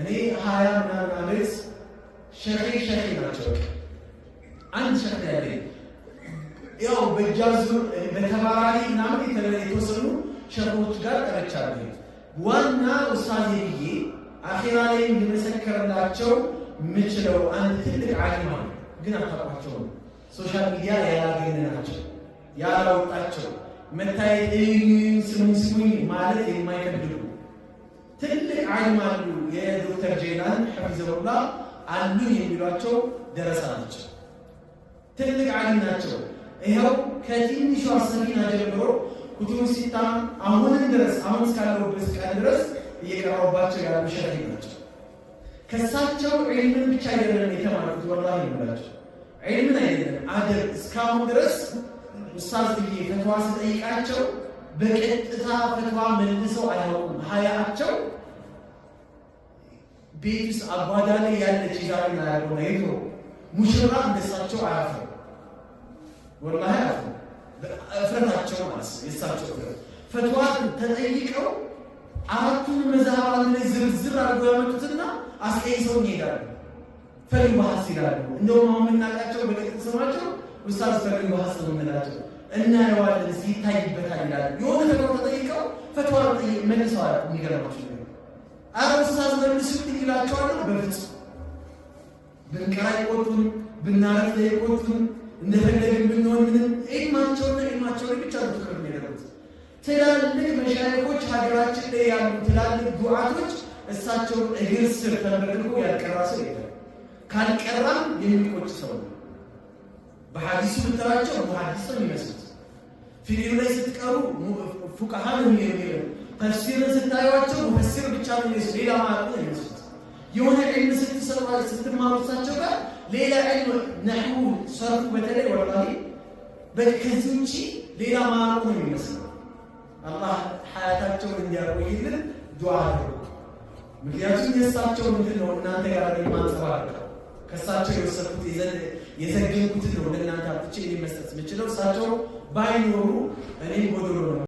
እኔ ሀያ ምናምን አመት ሸኼ ሸኼ ናቸው። አንድ ሸኼ ያለ ያው በጃዙር በተባራሪ ምናምን የተወሰኑ ሸኾች ጋር ቀረቻለሁ። ዋና ውሳኔ ብዬ አኼራ ላይ የመሰከርላቸው የምችለው አንድ ትልቅ ዓሊማ ግን አታውቋቸው፣ ሶሻል ሚዲያ ያላገኘናቸው ያላወጣቸው መታየት ስሙኝ ስሙኝ ማለት የማይፈልጉ ትልቅ ዓሊም አሉ የዶክተር ጀይላን ሐፊዘሁላ አሉ የሚሏቸው ደረሳ ናቸው። ትልቅ ዓሊም ናቸው። ይኸው ከትንሿ ሰፊና ጀምሮ ኩቱብ ሲታ አሁንም ድረስ አሁን እስካለሁበት ቀን ድረስ እየቀረቡባቸው ያሉ ሸሪክ ናቸው። ከእሳቸው ዒልምን ብቻ አይደለም የተማርኩት፣ ወላ ይምላቸው ዒልምን አይደለም አደብ እስካሁን ድረስ ኡስታዝ ብዬ ፈትዋ ስጠይቃቸው በቀጥታ ፈትዋ መልሰው አያውቁም። ሀያቸው ቤት ውስጥ አጓዳ ላይ ያለች ዛሬ ያለው ናይቶ ሙሽራ እንደሳቸው አያፈ ወላ አያፍሩ ፍረታቸው ማለት የሳቸው እፍረት ፈትዋ ተጠይቀው አራቱን መዛባን ላይ ዝርዝር አድርገው ያመጡትና አስቀይ ሰው ይሄዳሉ። ፈሪ ባህስ ይላሉ። እንደውም አሁን የምናውቃቸው በቅጥ ስማቸው ውስታዝ ፈሪ ባህስ ነው የምንላቸው እናየዋለን ይታይበታል ይላል። የሆነ ተቀሮ ተጠይቀው ፈትዋ መልሰዋል። የሚገርማቸው ነገር አረ ኡስታዝ መልሱልኝ ይላቸዋለሁ። በፍጹም ብንቀራ ይቆጡን፣ ብናረፍ ይቆጡን፣ እንደፈለግን ብንሆን ምንም ዒልማቸውና ዒልማቸውን ብቻ ነው ትኩረት የሚያደርጉት። ትላልቅ መሻሪኮች ሀገራችን ላይ ያሉ ትላልቅ ዱዓቶች እሳቸውን እግር ስር ተመልኮ ያልቀራ ሰው የለም። ካልቀራም የሚቆጭ ሰው ነው። በሐዲሱ ብትላቸው በሐዲስ ነው የሚመስሉት። ፊቂሁ ላይ ስትቀሩ ፉቃሃ ነው የሚለው። ተፍሲርን ስታዩቸው ሙፈሲር ብቻ ነው የሚመስሉት፣ ሌላ ማለት ነው የሚመስሉት። የሆነ ዒልም ስትሰራ ስትማሩሳቸው ጋር ሌላ ዒልም ነሑ፣ ሰርፉ በተለይ ወላሂ በከዚህ ውጪ ሌላ ማለት ነው የሚመስለው። አላህ ሐያታቸውን እንዲያቆይልን ዱዓ አድርጉ። ምክንያቱም የእሳቸው ምንድን ነው እናንተ ጋር ማንጸባረቅ ከእሳቸው የወሰድኩት የዘገንኩትን ነው ለእናንተ አውጥቼ እኔ መስጠት የምችለው። እሳቸው ባይኖሩ እኔ ጎዶሎ ነው።